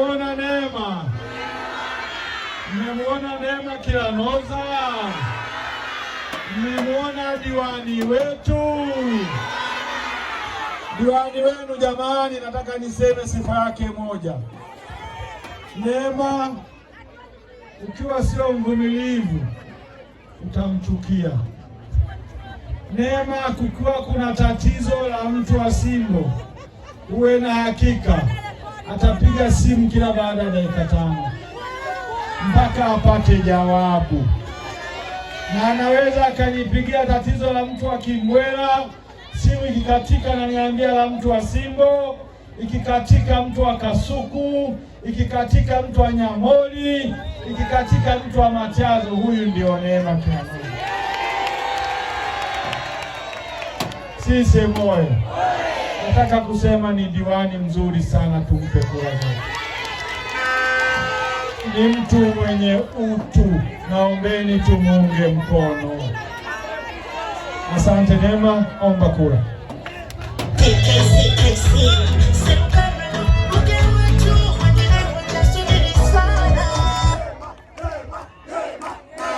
mmemwona Neema, mmemuona Neema Kilanoza, mmemuona diwani wetu, diwani wenu. Jamani, nataka niseme sifa yake moja. Neema, ukiwa sio mvumilivu utamchukia. Neema, kukiwa kuna tatizo la mtu wa simbo, uwe na hakika atapiga simu kila baada ya dakika tano mpaka apate jawabu, na anaweza akanipigia tatizo la mtu wa Kimwela, simu ikikatika naniambia la mtu wa Simbo, ikikatika mtu wa Kasuku, ikikatika mtu wa Nyamoli, ikikatika mtu wa Machazo. Huyu ndio neema kia sisi moyo nataka kusema ni diwani mzuri sana, tumpe kura zote. Ni mtu mwenye utu, naombeni tumuunge mkono. Asante Neema, omba kura.